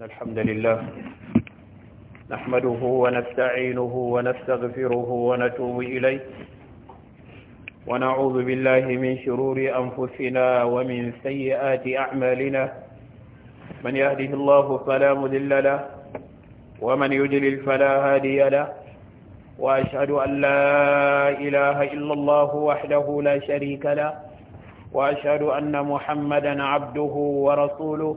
إن الحمد لله نحمده ونستعينه ونستغفره ونتوب إليه ونعوذ بالله من شرور أنفسنا ومن سيئات أعمالنا من يهده الله فلا مذل له ومن يجلل فلا هادي له وأشهد أن لا إله إلا الله وحده لا شريك له وأشهد أن محمدا عبده ورسوله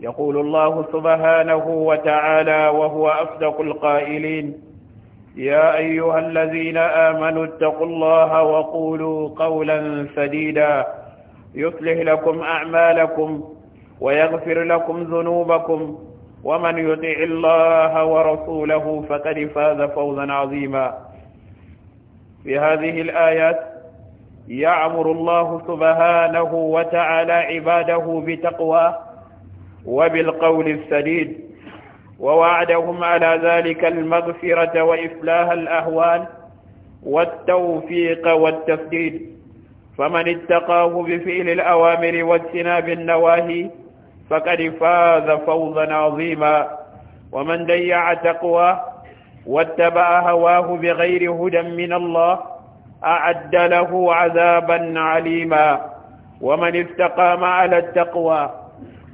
يقول الله سبحانه وتعالى وهو أصدق القائلين يا أيها الذين آمنوا اتقوا الله وقولوا قولا سديدا يصلح لكم أعمالكم ويغفر لكم ذنوبكم ومن يطع الله ورسوله فقد فاز فوزا عظيما في هذه الآيات يعمر الله سبحانه وتعالى عباده بتقواه وبالقول السديد ووعدهم على ذلك المغفرة وإفلاح الأهوال والتوفيق والتسديد فمن اتقاه بفعل الأوامر واجتناب النواهي فقد فاز فوزا عظيما ومن ضيع تقواه واتبع هواه بغير هدى من الله أعد له عذابا عليما ومن استقام على التقوى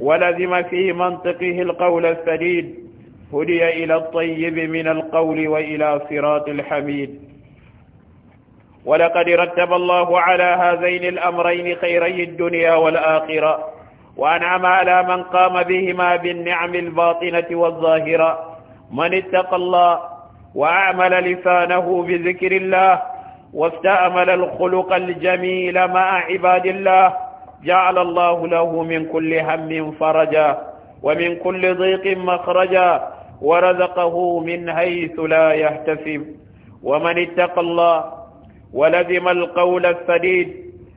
ولزم في منطقه القول السديد هدي إلى الطيب من القول وإلى صراط الحميد ولقد رتب الله على هذين الأمرين خيري الدنيا والآخرة وأنعم على من قام بهما بالنعم الباطنة والظاهرة من اتقى الله وأعمل لسانه بذكر الله واستأمل الخلق الجميل مع عباد الله جعل الله له من كل هم فرجا ومن كل ضيق مخرجا ورزقه من حيث لا يحتسب ومن اتقى الله ولزم القول السديد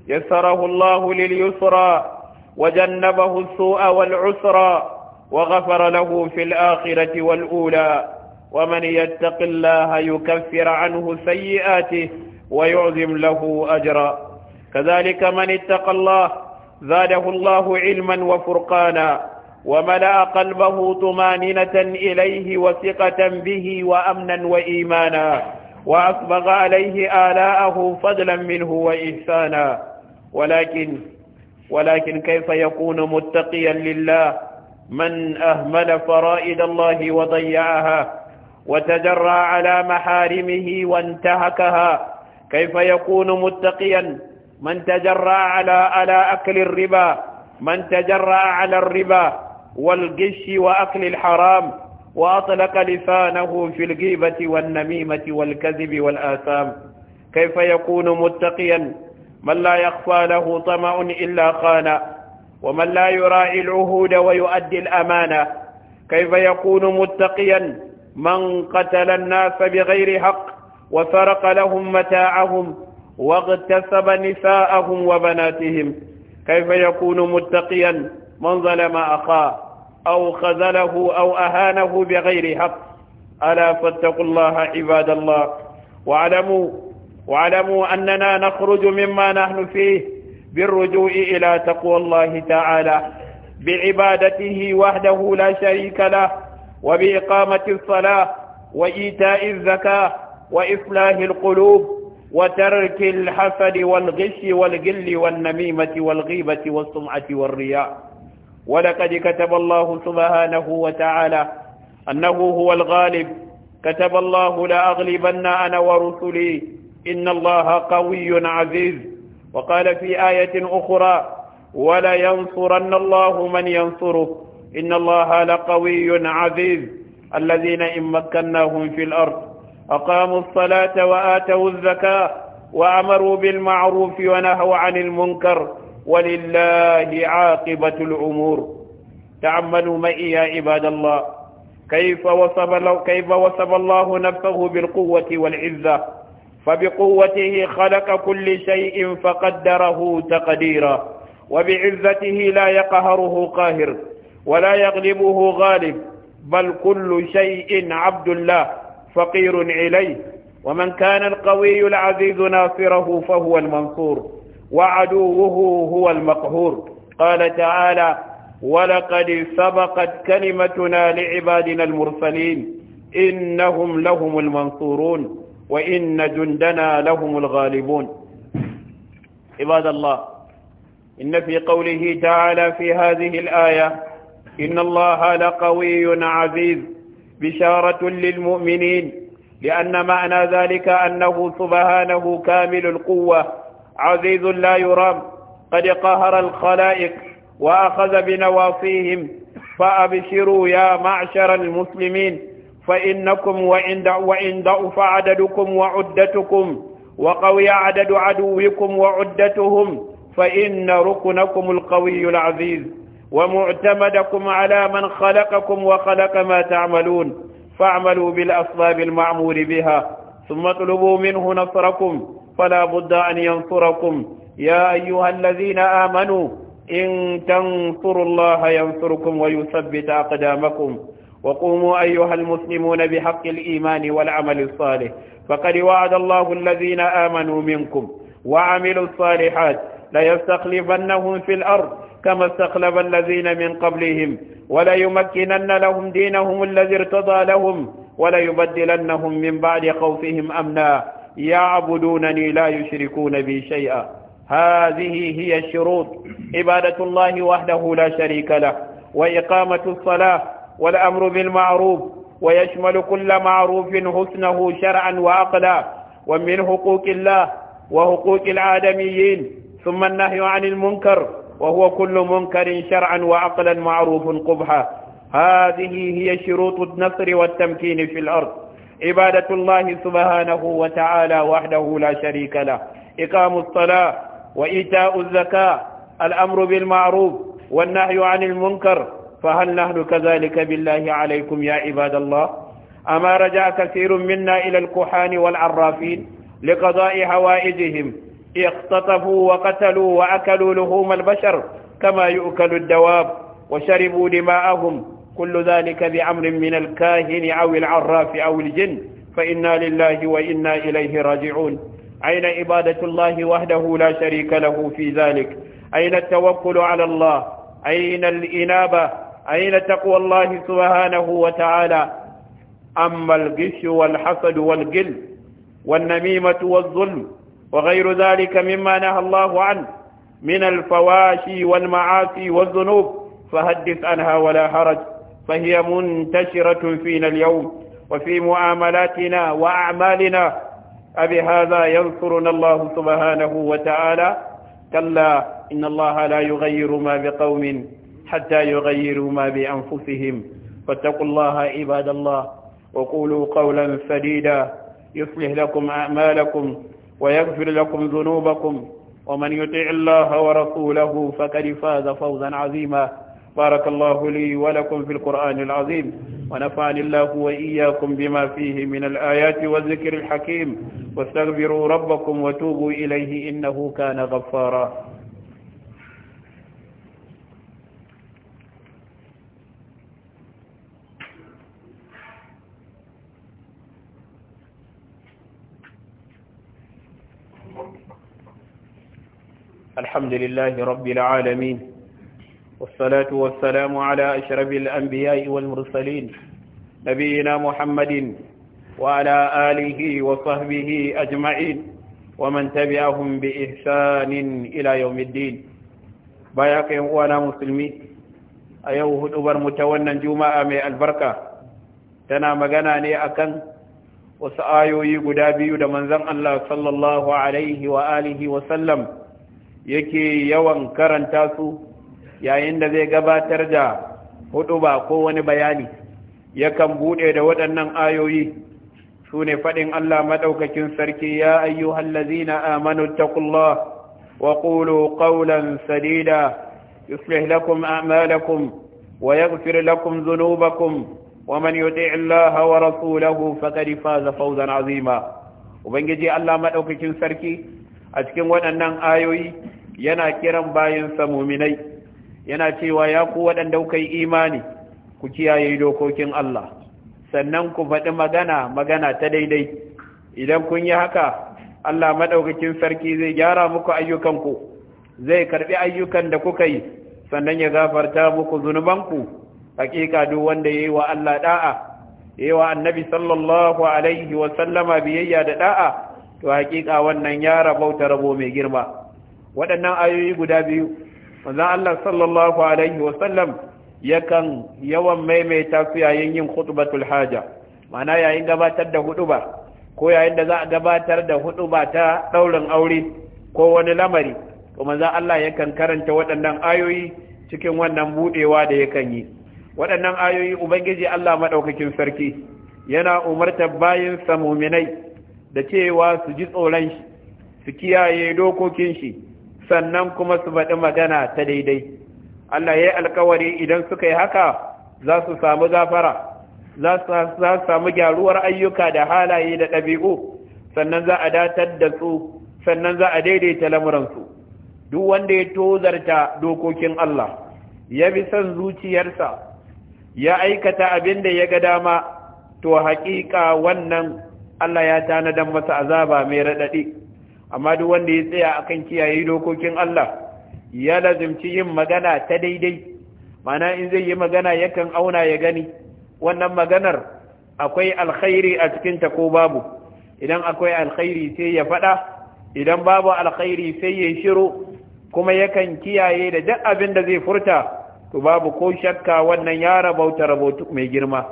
يسره الله لليسرى وجنبه السوء والعسرى وغفر له في الآخرة والأولى ومن يتق الله يكفر عنه سيئاته ويعظم له أجرا كذلك من اتقى الله زاده الله علما وفرقانا وملأ قلبه طمانينة إليه وثقة به وأمنا وإيمانا وأصبغ عليه آلاءه فضلا منه وإحسانا ولكن ولكن كيف يكون متقيا لله من أهمل فرائد الله وضيعها وتجرى على محارمه وانتهكها كيف يكون متقيا من تجرى على على أكل الربا من تجرى على الربا والقش وأكل الحرام وأطلق لسانه في الغيبة والنميمة والكذب والآثام كيف يكون متقيا من لا يخفى له طمع إلا خان ومن لا يراعي العهود ويؤدي الأمانة كيف يكون متقيا من قتل الناس بغير حق وسرق لهم متاعهم واغتسب نساءهم وبناتهم كيف يكون متقيا من ظلم أخاه أو خذله أو أهانه بغير حق ألا فاتقوا الله عباد الله واعلموا واعلموا أننا نخرج مما نحن فيه بالرجوع إلى تقوى الله تعالى بعبادته وحده لا شريك له وبإقامة الصلاة وإيتاء الزكاة وإصلاح القلوب وترك الحسد والغش والجل والنميمة والغيبة والسمعة والرياء ولقد كتب الله سبحانه وتعالى أنه هو الغالب كتب الله لأغلبن أنا ورسلي إن الله قوي عزيز وقال في آية أخرى ولينصرن الله من ينصره إن الله لقوي عزيز الذين إن مكناهم في الأرض أقاموا الصلاة وآتوا الزكاة وأمروا بالمعروف ونهوا عن المنكر ولله عاقبة الأمور تعملوا معي يا عباد الله كيف وصف, كيف وصف الله نفسه بالقوة والعزة فبقوته خلق كل شيء فقدره تقديرا وبعزته لا يقهره قاهر ولا يغلبه غالب بل كل شيء عبد الله فقير إليه ومن كان القوي العزيز ناصره فهو المنصور وعدوه هو المقهور قال تعالى ولقد سبقت كلمتنا لعبادنا المرسلين إنهم لهم المنصورون وإن جندنا لهم الغالبون عباد الله إن في قوله تعالى في هذه الآية إن الله لقوي عزيز بشارة للمؤمنين لأن معنى ذلك أنه سبحانه كامل القوة عزيز لا يرام قد قهر الخلائق وأخذ بنواصيهم فأبشروا يا معشر المسلمين فإنكم وإن وإن ضعف عددكم وعدتكم وقوي عدد عدوكم وعدتهم فإن ركنكم القوي العزيز ومعتمدكم على من خلقكم وخلق ما تعملون فاعملوا بالأصلاب المعمور بها ثم اطلبوا منه نصركم فلا بد أن ينصركم يا أيها الذين آمنوا إن تنصروا الله ينصركم ويثبت أقدامكم وقوموا أيها المسلمون بحق الإيمان والعمل الصالح فقد وعد الله الذين آمنوا منكم وعملوا الصالحات ليستخلفنهم في الأرض كما استخلف الذين من قبلهم وليمكنن لهم دينهم الذي ارتضى لهم وليبدلنهم من بعد خوفهم أمنا يعبدونني لا يشركون بي شيئا هذه هي الشروط عبادة الله وحده لا شريك له وإقامة الصلاة والأمر بالمعروف ويشمل كل معروف حسنه شرعا وعقلا ومن حقوق الله وحقوق العالميين ثم النهي عن المنكر وهو كل منكر شرعا وعقلا معروف قبحا هذه هي شروط النصر والتمكين في الأرض عبادة الله سبحانه وتعالى وحده لا شريك له إقام الصلاة وإيتاء الزكاة الأمر بالمعروف والنهي عن المنكر فهل نحن كذلك بالله عليكم يا عباد الله أما رجع كثير منا إلى الكحان والعرافين لقضاء حوائجهم اختطفوا وقتلوا وأكلوا لحوم البشر كما يؤكل الدواب وشربوا دماءهم كل ذلك بأمر من الكاهن أو العراف أو الجن فإنا لله وإنا إليه راجعون أين عبادة الله وحده لا شريك له في ذلك أين التوكل على الله أين الإنابة أين تقوى الله سبحانه وتعالى أما الغش والحسد والقل والنميمة والظلم وغير ذلك مما نهى الله عنه من الفواشي والمعاصي والذنوب فحدث عنها ولا حرج فهي منتشرة فينا اليوم وفي معاملاتنا وأعمالنا أبهذا ينصرنا الله سبحانه وتعالى كلا إن الله لا يغير ما بقوم حتى يغيروا ما بأنفسهم فاتقوا الله عباد الله وقولوا قولا سديدا يصلح لكم أعمالكم ويغفر لكم ذنوبكم ومن يطع الله ورسوله فقد فاز فوزا عظيما بارك الله لي ولكم في القرآن العظيم ونفعني الله وإياكم بما فيه من الآيات والذكر الحكيم واستغفروا ربكم وتوبوا إليه إنه كان غفارا الحمد لله رب العالمين والصلاة والسلام على أشرف الأنبياء والمرسلين نبينا محمد وعلى آله وصحبه أجمعين ومن تبعهم بإحسان إلى يوم الدين باياك وانا مسلمي أيوه الأبر متونا جمعة من البركة تنا مغانا ني أكن wasu ayoyi guda biyu da manzan Allah sallallahu Alaihi wa alihi wasallam yake yawan karanta su yayin da zai gabatar da huɗuba ko wani bayani yakan buɗe da waɗannan ayoyi su ne faɗin Allah maɗaukakin sarki ya ayyuhan lazina amanu taqullah wa qulu sadida yuslih lakum a'malakum wa yaghfir lakum dhunubakum wa man yuti' Allah wa rasulahu faqad faza fawzan azima ubangiji Allah maɗaukakin sarki a cikin waɗannan ayoyi yana kiran bayan muminai yana cewa ya ku waɗanda kuka yi imani ku kiyaye dokokin Allah sannan ku faɗi magana magana ta daidai idan kun yi haka Allah maɗaukakin sarki zai gyara muku ayyukanku zai karɓi ayyukan da kuka yi sannan ya gafarta muku zunubanku hakika duk wanda ya yi wa Allah da'a ya yi wa annabi sallallahu alaihi wa sallama biyayya da da'a to hakika wannan ya rabauta rabo mai girma waɗannan ayoyi guda biyu manzon Allah sallallahu alaihi wasallam yakan yawan maimaita su yayin yin khutbatul haja mana yayin gabatar da huduba ko yayin da za a gabatar da huduba ta ɗaurin aure ko wani lamari to manzon Allah yakan karanta waɗannan ayoyi cikin wannan buɗewa da yakan yi waɗannan ayoyi ubangiji Allah maɗaukakin sarki yana umartar bayin samuminai da cewa su ji tsoron shi su kiyaye dokokin shi sannan kuma su faɗi magana ta daidai Allah ya yi alkawari idan suka yi haka za su samu gafara za su samu gyaruwar ayyuka da halaye da ɗabi'u sannan za a datar da su sannan za a daidaita lamuransu duk wanda ya tozarta dokokin Allah ya bi son zuciyarsa ya aikata abin da ya ga dama to haƙiƙa wannan Allah ya tanadan masa azaba mai raɗaɗi amma duk wanda ya tsaya akan kiyaye dokokin Allah ya lazimci yin magana ta daidai mana in zai yi magana yakan auna ya gani wannan maganar akwai alkhairi a cikinta ko babu idan akwai alkhairi sai ya faɗa idan babu alkhairi sai ya shiru kuma yakan kiyaye da duk abin da zai furta to babu ko shakka wannan ya rabauta rabautu mai girma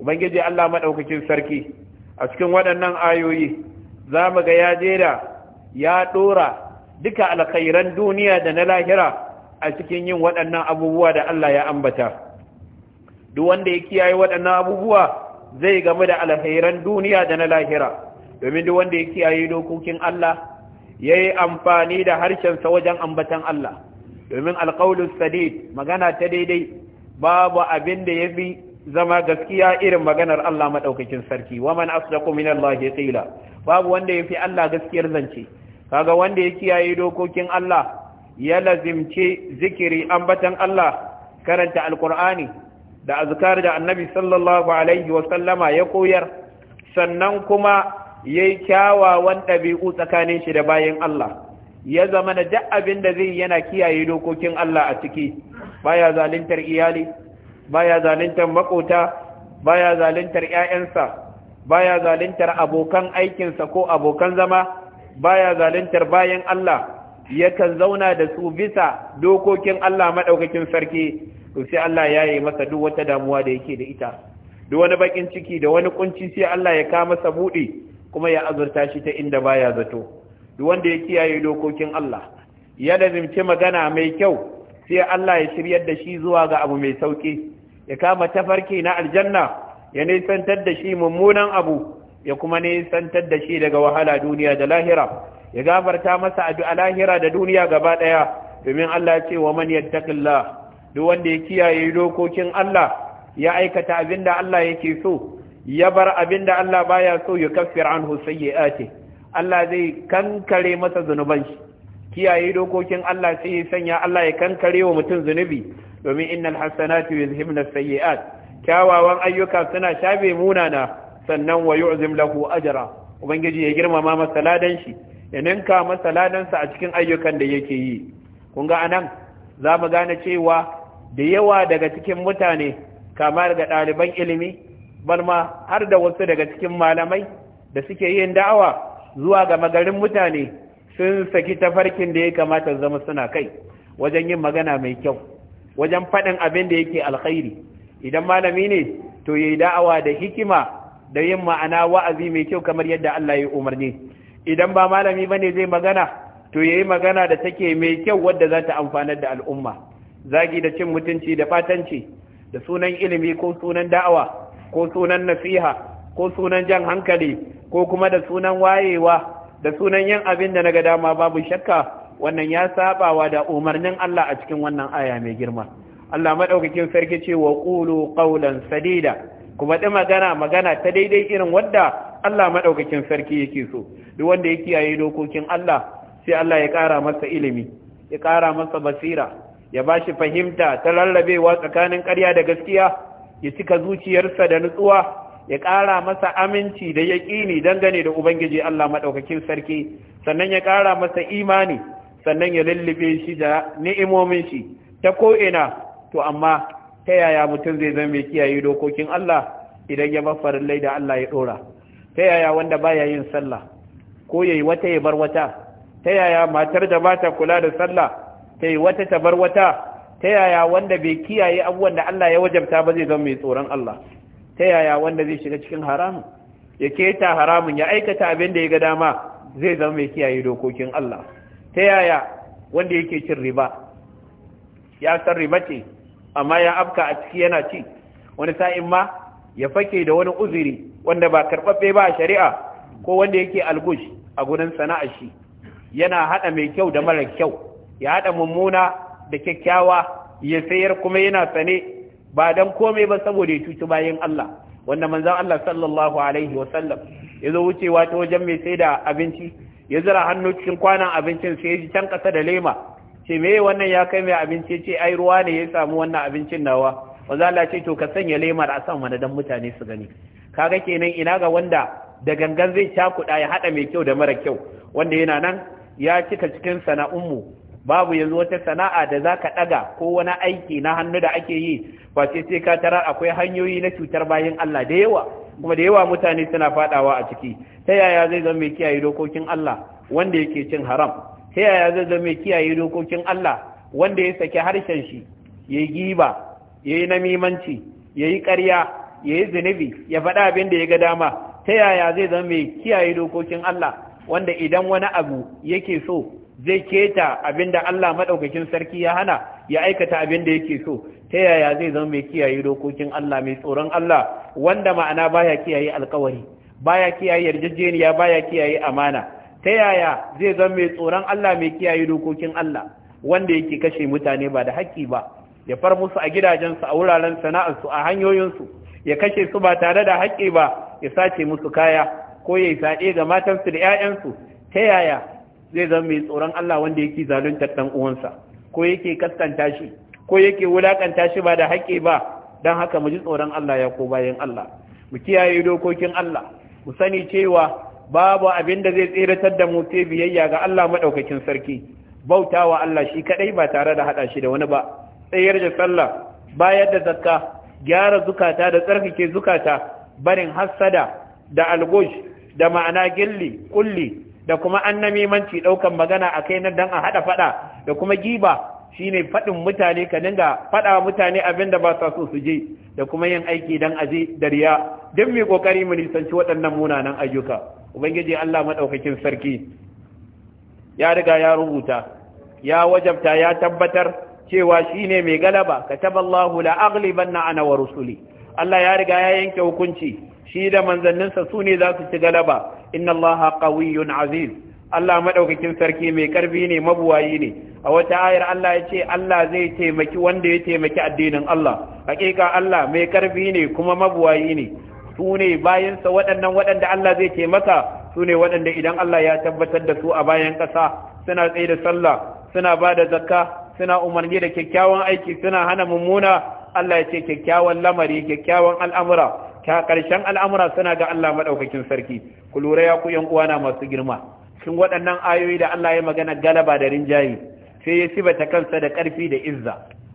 ubangiji Allah maɗaukakin sarki a cikin waɗannan ayoyi za mu ga ya jera ya ɗora duka alkhairan duniya da na lahira a cikin yin waɗannan abubuwa da Allah ya ambata duk wanda ya kiyaye waɗannan abubuwa zai gamu da alkhairan duniya da na lahira domin duk wanda ya kiyaye dokokin Allah ya yi amfani da harshensa wajen ambatan Allah domin alƙaulus sadid magana ta daidai babu abin da ya fi zama gaskiya irin maganar Allah madaukakin sarki wa man asdaqu min Allah qila babu wanda yafi Allah gaskiyar zance kaga wanda ya kiyaye dokokin Allah ya lazimce zikiri ambatan Allah karanta alqur'ani da azkar da annabi sallallahu alaihi wa sallama ya koyar sannan kuma yayi kyawawan ɗabi'u tsakanin shi da bayin Allah ya zama da duk abin da zai yana kiyaye dokokin Allah a ciki baya zaluntar iyali baya zaluntar makota baya zaluntar ƴaƴansa baya zaluntar abokan aikinsa ko abokan zama baya zaluntar bayan Allah yakan zauna da su bisa dokokin Allah madaukakin sarki to sai Allah ya yi masa duk wata damuwa da yake da ita duk wani bakin ciki da wani kunci sai Allah ya ka masa buɗe kuma ya azurta shi ta inda baya zato duk wanda ya kiyaye dokokin Allah ya lazimci magana mai kyau sai Allah ya shiryar da shi zuwa ga abu mai sauki ya kama tafarki na aljanna ya nisantar da shi mummunan abu ya kuma nisantar da shi daga wahala duniya da lahira ya gafarta masa a lahira da duniya gaba ɗaya, domin Allah ce wa man yattaqillah duk wanda ya kiyaye dokokin Allah ya aikata abinda Allah yake so ya bar abinda Allah baya so ya kaffir anhu sayyi'ati Allah zai kankare masa zunuban shi kiyaye dokokin Allah sai ya sanya Allah ya kankare wa mutum zunubi domin innal hasanatu yuzhibna sayyi'at kyawawan ayyuka suna shabe munana sannan wa yu'zim lahu ajra ubangiji ya girmama masa ladan shi ya ninka masa sa a cikin ayyukan da yake yi kun ga anan za mu gane cewa da yawa daga cikin mutane kama daga ɗaliban ilimi balma har da wasu daga cikin malamai da suke yin da'awa zuwa ga magarin mutane sun saki tafarkin da ya kamata zama suna kai wajen yin magana mai kyau wajen faɗin abin da yake alkhairi idan malami ne to yayi da'awa da hikima da yin ma'ana wa'azi mai kyau kamar yadda Allah ya umarni idan ba malami bane zai magana to yayi magana da take mai kyau wadda za ta amfanar da al'umma zagi da cin mutunci da fatanci da sunan ilimi ko sunan da'awa ko sunan nasiha ko sunan jan hankali ko kuma da sunan wayewa da sunan yin abin da naga dama babu shakka wannan ya sabawa da umarnin Allah a cikin wannan aya mai girma Allah madaukakin sarki ce wa qulu qawlan sadida kuma da magana magana ta daidai irin wadda Allah madaukakin sarki yake so duk wanda ya kiyaye dokokin Allah sai Allah ya ƙara masa ilimi ya ƙara masa basira ya bashi fahimta ta lallabewa tsakanin ƙarya da gaskiya ya cika zuciyarsa da nutsuwa ya ƙara masa aminci da yaƙini dangane da Ubangiji Allah maɗaukakin sarki, sannan ya ƙara masa imani sannan ya lullube shi da ni'imomin shi ta ko'ina to amma ta yaya mutum zai zama mai kiyaye dokokin Allah idan ya bar farillai da Allah ya ɗora ta yaya wanda baya yin sallah ko yayi wata ya bar wata ta yaya matar da bata kula da sallah ta yi wata ta bar wata ta yaya wanda bai kiyaye abubuwan da Allah ya wajabta ba zai zama mai tsoron Allah ta yaya wanda zai shiga cikin haramun ya keta haramun ya aikata abin da ya ga dama zai zama mai kiyaye dokokin Allah ta yaya wanda yake cin riba ya san riba ce amma ya afka a ciki yana ci wani sa'in ma ya fake da wani uzuri wanda ba karɓaɓe ba a shari'a ko wanda yake algush a gudun sana'a shi yana haɗa mai kyau da mara kyau ya haɗa mummuna da kyakkyawa ya sayar kuma yana sane ba don komai ba saboda ya cuci bayan Allah wanda manzan Allah sallallahu alaihi wasallam ya zo wucewa ta wajen mai sai da abinci ya zira hannu cikin kwanan abincin sai ya ji can ƙasa da lema ce me wannan ya kai mai abinci ce ai ruwa ne ya samu wannan abincin nawa maza Allah ce to ka sanya lemar a san wani dan mutane su gani kaga kenan ina ga wanda da gangan zai cakuɗa ya haɗa mai kyau da mara kyau wanda yana nan ya cika cikin sana'unmu babu yanzu wata sana'a da za ka ɗaga ko wani aiki na hannu da ake yi ba sai sai ka tarar akwai hanyoyi na cutar bayan Allah da yawa kuma da yawa mutane suna fadawa a ciki ta yaya zai zama mai kiyaye dokokin Allah wanda yake cin haram ta yaya zai zama mai kiyaye dokokin Allah wanda ya saki harshen shi ya yi giba ya yi namimanci yayi ƙarya yi zunubi ya faɗa abin da ya ga dama ta yaya zai zama mai kiyaye dokokin Allah wanda idan wani abu yake so zai keta abin da Allah maɗaukakin sarki ya hana ya aikata abin da yake so ta yaya zai zama mai kiyaye dokokin Allah mai tsoron Allah wanda ma'ana baya kiyaye alkawari baya kiyaye yarjejeniya baya kiyaye amana ta yaya zai zama mai tsoron Allah mai kiyaye dokokin Allah wanda yake kashe mutane ba da haƙƙi ba ya far musu a gidajensu a wuraren sana'arsu a hanyoyinsu ya kashe su ba tare da haƙƙi ba ya sace musu kaya ko ya saɗe ga matansu da 'ya'yansu ta yaya zai zama mai tsoron Allah wanda yake zaluntar dan uwansa ko yake kaskanta shi ko yake wulakanta shi ba da haƙƙi ba don haka mu ji tsoron Allah ya ko bayan Allah mu kiyaye dokokin Allah mu sani cewa babu abin da zai tseratar da mu sai biyayya ga Allah madaukakin sarki bautawa Allah shi kadai ba tare da haɗa shi da wani ba tsayar da sallah bayar da zakka gyara zukata da tsarkake zukata barin hassada da algosh da ma'ana gilli kulli da kuma annamimanci daukan magana akai na dan a haɗa faɗa, da kuma giba shine faɗin mutane ka dinga faɗa mutane abin da ba sa so su je da kuma yin aiki dan aji da riya duk mai kokari mu nisanci waɗannan munanan ayyuka ubangiji Allah maɗaukakin sarki ya riga ya rubuta ya wajabta ya tabbatar cewa shine mai galaba kataballahu la aghlibanna ana wa rusuli Allah ya riga ya yanke hukunci shi da manzanninsa ne za su ci galaba inna allaha qawiyyun aziz Allah maɗaukakin sarki mai ƙarfi ne mabuwayi ne a wata ayar Allah ya ce Allah zai taimaki wanda ya taimaki addinin Allah hakika Allah mai ƙarfi ne kuma mabuwayi ne su ne bayansa waɗannan waɗanda Allah zai taimaka su ne waɗanda idan Allah ya tabbatar da su a bayan ƙasa suna tsaye da sallah suna ba da zakka suna umarni da kyakkyawan aiki suna hana mummuna Allah ya ce kyakkyawan lamari kyakkyawan al'amura ta ƙarshen al'amura suna ga Allah maɗaukakin sarki ku lura ya ku ‘yan uwana masu girma cikin waɗannan ayoyi da Allah ya magana galaba da rinjaye sai ya sibata kansa da ƙarfi da izza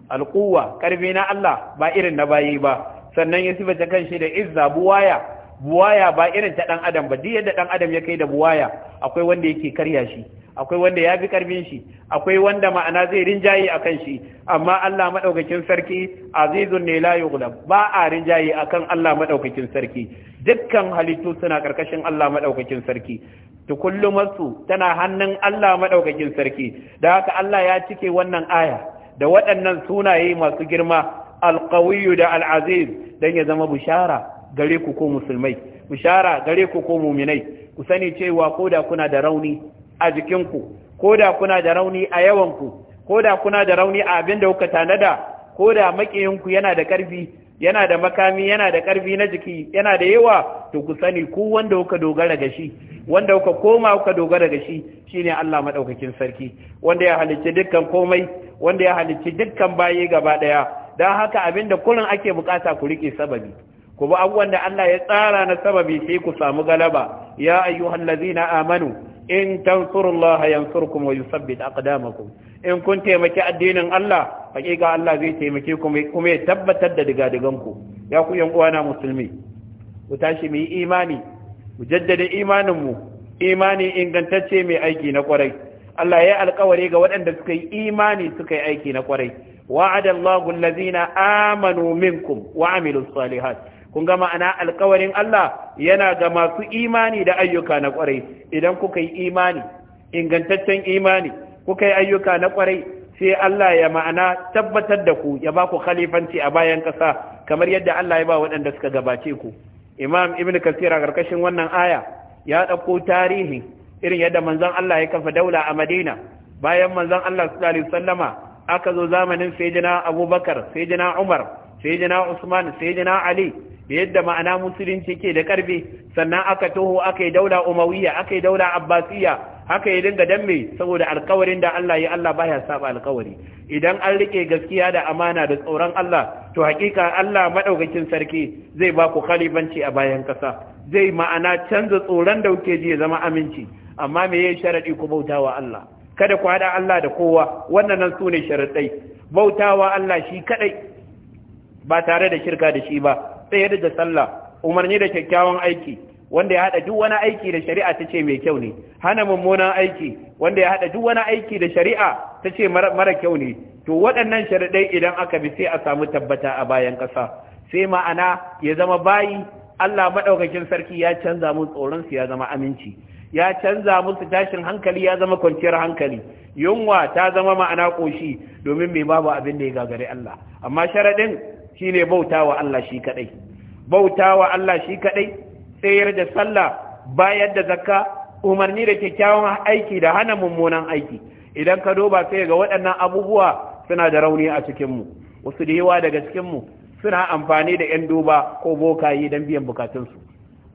alƙuwa ƙarfi na Allah ba irin na bayi ba sannan ya sibata kanshi da izza buwaya buwaya ba irin ta ɗan adam ba duk yadda ɗan adam ya kai da buwaya akwai wanda yake karya shi akwai wanda ya fi ƙarfin shi akwai wanda ma'ana zai rinjaye akan shi amma Allah maɗaukakin sarki azizun ne la yughlab ba a rinjaye akan Allah maɗaukakin sarki dukkan halittu suna ƙarƙashin Allah maɗaukakin sarki tukullumarsu tana hannun Allah maɗaukakin sarki da haka Allah ya cike wannan aya da waɗannan sunaye masu girma alƙawiyu da al'aziz don ya zama bishara gare ku ko musulmai bishara gare ku ko muminai ku sani cewa ko da kuna da rauni a jikinku ko da kuna da rauni a yawanku ko da kuna da rauni a abin da kuka tanada ko da maƙiyinku yana da ƙarfi yana da makami yana da ƙarfi na jiki yana da yawa to ku sani ku wanda kuka dogara ga shi wanda kuka koma kuka dogara ga shi shine Allah madaukakin sarki wanda ya halicci dukkan komai wanda ya halicci dukkan baye gaba daya dan haka abinda kullun ake bukata ku rike sababi ku bi abubuwan da Allah ya tsara na sababi sai ku samu galaba ya ayyuhallazina amanu in tansurullaha yansurkum wa yusabbit aqdamakum in kun taimaki addinin Allah hakika Allah zai taimake ku kuma ya tabbatar da digadigan ku ya ku yan uwana musulmi ku tashi mu yi imani mu jaddada imanin mu imani ingantacce mai aiki na kwarai Allah ya alkawari ga waɗanda suka yi imani suka yi aiki na kwarai wa'ada Allahu allazina amanu minkum wa amilus salihat kun ga ma'ana alkawarin Allah yana ga masu imani da ayyuka na kwarai idan kuka yi imani ingantaccen imani kuka yi ayyuka na kwarai sai Allah ya ma'ana tabbatar da ku ya ba ku khalifanci a bayan ƙasa kamar yadda Allah ya ba waɗanda suka gabace ku imam ibn kasir a ƙarƙashin wannan aya ya ɗauko tarihi irin yadda manzon Allah ya kafa daula a madina bayan manzon Allah sallallahu alaihi wasallama aka zo zamanin sayyidina abubakar sayyidina umar sayyidina usman sayyidina ali da yadda ma'ana musulunci ke da karbe sannan aka toho aka yi daula umayya aka yi daula abbasiyya haka ya dinga dan saboda alkawarin da Allah ya Allah baya saba alkawari idan an rike gaskiya da amana da tsoron Allah to hakika Allah madaukakin sarki zai ba ku khalifanci a bayan kasa zai ma'ana canza tsoron da kuke ji zama aminci amma me yayin sharadi ku bautawa Allah kada ku hada Allah da kowa wannan nan sune sharadai bautawa Allah shi kadai ba tare da shirka da shi ba tsayar da sallah umarni da kyakkyawan aiki wanda ya haɗa duk wani aiki da shari'a ta ce mai kyau ne hana mummunan aiki wanda ya haɗa duk wani aiki da shari'a ta ce mara kyau ne to waɗannan sharaɗai idan aka bi sai a samu tabbata a bayan ƙasa sai ma'ana ya zama bayi Allah maɗaukakin sarki ya canza mu su ya zama aminci ya canza musu tashin hankali ya zama kwanciyar hankali yunwa ta zama ma'ana ƙoshi domin mai babu abin da ya gagare Allah amma sharaɗin shine bautawa Allah shi kaɗai bautawa Allah shi kaɗai tsayar da sallah bayar da zakka umarni da kyakkyawan aiki da hana mummunan aiki idan ka duba sai ga waɗannan abubuwa suna da rauni a cikinmu wasu da yawa daga cikinmu suna amfani da 'yan duba ko bokayi don biyan bukatunsu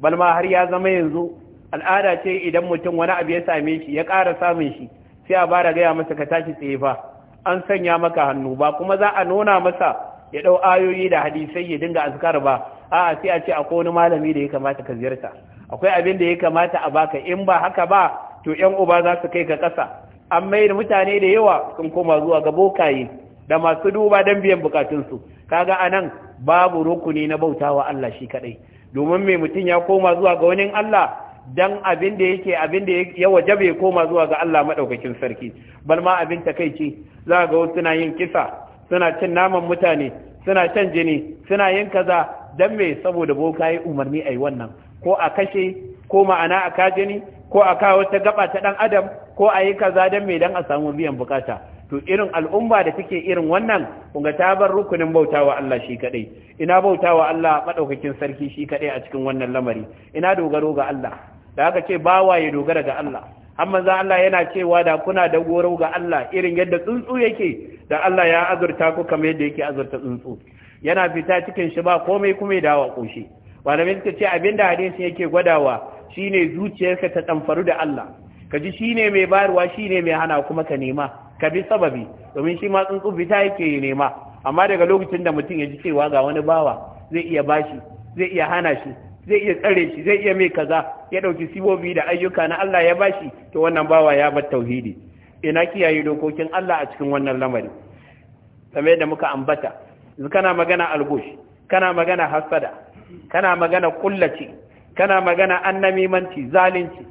balma har ya zama yanzu al'ada ce idan mutum wani abu ya same shi ya ƙara samun shi sai a bara gaya masa ka tashi tsaye fa an sanya maka hannu ba kuma za a nuna masa ya ɗau ayoyi da hadisai ya dinga azkar ba A'a sai a ce akwai wani malami da ya kamata ka ziyarta akwai abin da ya kamata a baka in ba haka ba to yan uba za su kai ka ƙasa an mai da mutane da yawa sun koma zuwa ga bokaye da masu duba don biyan bukatunsu kaga anan babu rukuni na bautawa Allah shi kaɗai domin mai mutum ya koma zuwa ga wani Allah dan abin da yake abin da ya wajabe koma zuwa ga Allah madaukakin sarki bal ma abin takeici za ga wasu suna yin kisa suna cin naman mutane suna can jini suna yin kaza dan me saboda boka yi umarni ai wannan ko a kashe ko ma'ana a kaje ni ko a kawo wata gaba ta dan adam ko a yi kaza dan me dan a samu biyan bukata to irin al'umma da take irin wannan kunga ta bar rukunin bautawa Allah shi kadai ina bautawa Allah madaukakin sarki shi kadai a cikin wannan lamari ina dogaro ga Allah da haka ce bawa ya dogara ga Allah amma za Allah yana cewa da kuna da goro ga Allah irin yadda tsuntsu yake da Allah ya azurta ku kamar yadda yake azurta tsuntsu yana fita cikin shi ba komai kuma ya dawo koshi malamai suka ce abinda hadisi yake gwadawa shine zuciyarka ta tsamfaru da Allah Ka ji shine mai bayarwa shine mai hana kuma ka nema ka bi sababi domin shi ma tsuntsu fita yake nema amma daga lokacin da mutum ya ji cewa ga wani bawa zai iya bashi zai iya hana shi zai iya tsare shi zai iya mai kaza ya dauki sibobi da ayyuka na Allah ya bashi to wannan bawa ya bar tauhidi ina kiyaye dokokin Allah a cikin wannan lamari kamar da muka ambata kana magana algush kana magana hasada kana magana kullaci kana magana annamimanci zalunci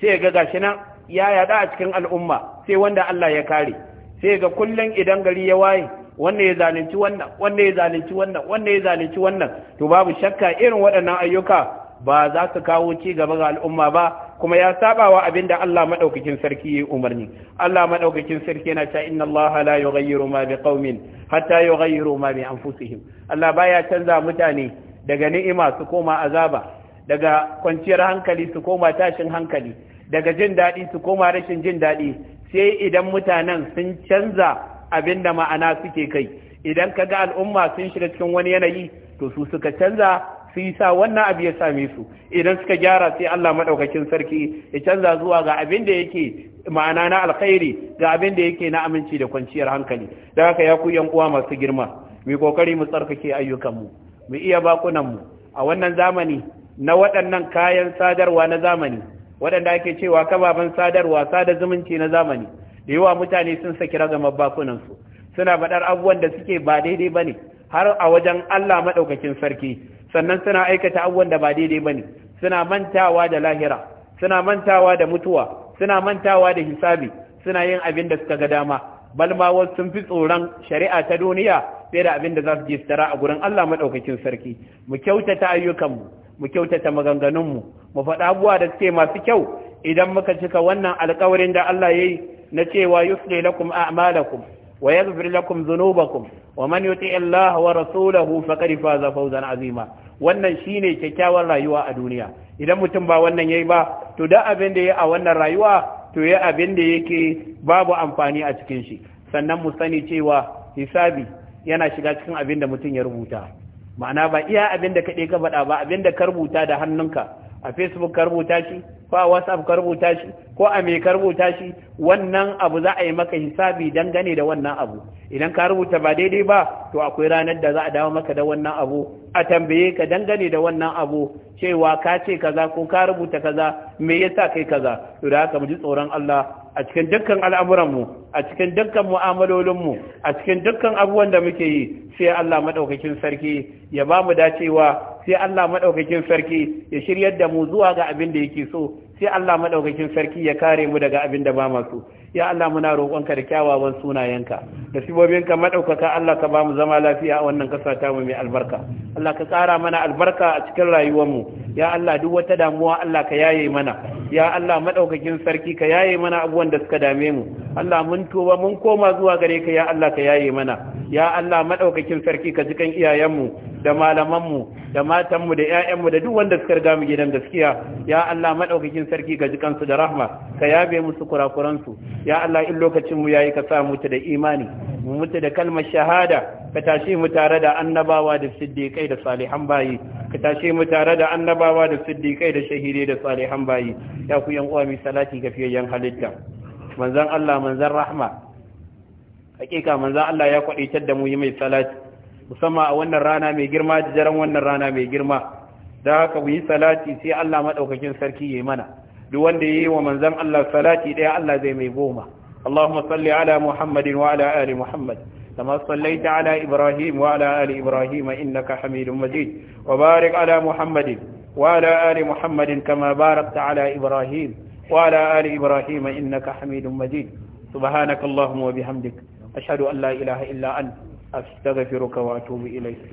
sai ga gashi nan ya yada a cikin al'umma sai wanda Allah ya kare sai ga kullun idan gari ya waye wanda ya zalunci wannan wanda ya zalunci wannan wanda ya zalunci wannan to babu shakka irin waɗannan ayyuka ba za su kawo ci gaba ga al'umma ba kuma ya wa abinda Allah madaukakin sarki ya umarni Allah madaukakin sarki yana cewa inna Allah la yughayyiru ma biqaumin hatta yughayyiru ma bi anfusihim Allah baya canza mutane daga ni'ima su koma azaba daga kwanciyar hankali su koma tashin hankali daga jin daɗi su koma rashin jin daɗi sai idan mutanen sun canza abin da ma'ana suke kai idan ka ga al'umma sun shiga cikin wani yanayi to su suka canza su yi sa wannan abu ya same su idan suka gyara sai Allah maɗaukakin sarki ya canza zuwa ga abin da yake ma'ana na alkhairi ga abin da yake na aminci da kwanciyar hankali da haka ya ku yan uwa masu girma mu kokari mu tsarkake ayyukanmu mu iya bakunanmu a wannan zamani na waɗannan kayan sadarwa na zamani waɗanda ake cewa kababan sadarwa sada zumunci na zamani da yawa mutane sun saki ragamar bakunansu suna faɗar abubuwan da suke ba daidai ba ne har a wajen Allah maɗaukakin sarki sannan suna aikata abubuwan da ba daidai ba ne. suna mantawa da lahira suna mantawa da mutuwa suna mantawa da hisabi suna yin abin da suka ga dama bal ma wasu sun fi tsoron shari'a ta duniya fiye da abin da za su je su tara a gurin Allah maɗaukakin sarki mu kyautata ayyukanmu mu kyautata maganganunmu mu faɗi abubuwa da suke masu kyau idan muka cika wannan alƙawarin da Allah ya yi na cewa yusli lakum a'malakum wa yaghfir lakum dhunubakum wa man yuti Allah wa rasulahu faqad faza fawzan azima wannan shine kyakkyawar rayuwa a duniya idan mutum ba wannan yayi ba to da abin da yayi a wannan rayuwa to yayi abin da yake babu amfani a cikin shi sannan mu sani cewa hisabi yana shiga cikin abin da mutum ya rubuta ma'ana ba iya abin da kaɗai ka faɗa ba abin da ka rubuta da hannunka a facebook ka rubuta shi ko a whatsapp ka rubuta shi ko a me ka rubuta shi wannan abu za a yi maka hisabi dangane da wannan abu idan ka rubuta ba daidai ba to akwai ranar da za a dawo maka da wannan abu a tambaye ka dangane da wannan abu cewa ka ce kaza ko ka rubuta kaza me yasa kai kaza to da haka mu ji tsoron Allah a cikin dukkan al'amuranmu a cikin dukkan mu'amalolinmu a cikin dukkan abubuwan da muke yi sai Allah maɗaukakin sarki ya ba mu dacewa sai Allah maɗaukakin sarki ya shiryar da mu zuwa ga abin da yake so sai Allah maɗaukakin sarki ya kare mu daga abin da ba masu ya Allah muna roƙonka da kyawawan sunayenka da sibobinka madaukaka Allah ka ba mu zama lafiya a wannan kasa ta mu mai albarka Allah ka kara mana albarka a cikin rayuwar mu ya Allah duk wata damuwa Allah ka yaye mana ya Allah madaukakin sarki ka yaye mana abubuwan da suka dame mu Allah mun tuba mun koma zuwa gare ka ya Allah ka yaye mana ya Allah madaukakin sarki ka jikan iyayen mu da malaman mu da matan mu da ƴaƴan mu da duk wanda suka riga mu gidan gaskiya ya Allah madaukakin sarki ka jikan su da rahma ka yabe musu kurakuran su ya Allah in lokacin mu yayi ka sa mu ta da imani mu mutu da kalmar shahada ka tashi mu tare da annabawa da siddiqai da salihan bayi ka tashi mu tare da annabawa da siddiqai da shahidai da salihan bayi ya ku yan uwa mi salati ga fiyayyen halitta manzon Allah manzon rahma hakika manzon Allah ya kwadaitar da mu yi mai salati musamman a wannan rana mai girma da jaran wannan rana mai girma da haka mu yi salati sai Allah madaukakin sarki yayi mana duk wanda yi wa manzan Allah salati ɗaya Allah zai mai goma Allahumma salli ala Muhammadin wa ala ali Muhammad kama sallaita ala Ibrahim wa ala ali Ibrahim innaka Hamidum Majid wa barik ala Muhammadin wa ala ali Muhammadin kama barakta ala Ibrahim wa ala ali Ibrahim innaka Hamidum Majid subhanaka Allahumma wa bihamdik ashhadu an la ilaha illa anta astaghfiruka wa atubu ilayk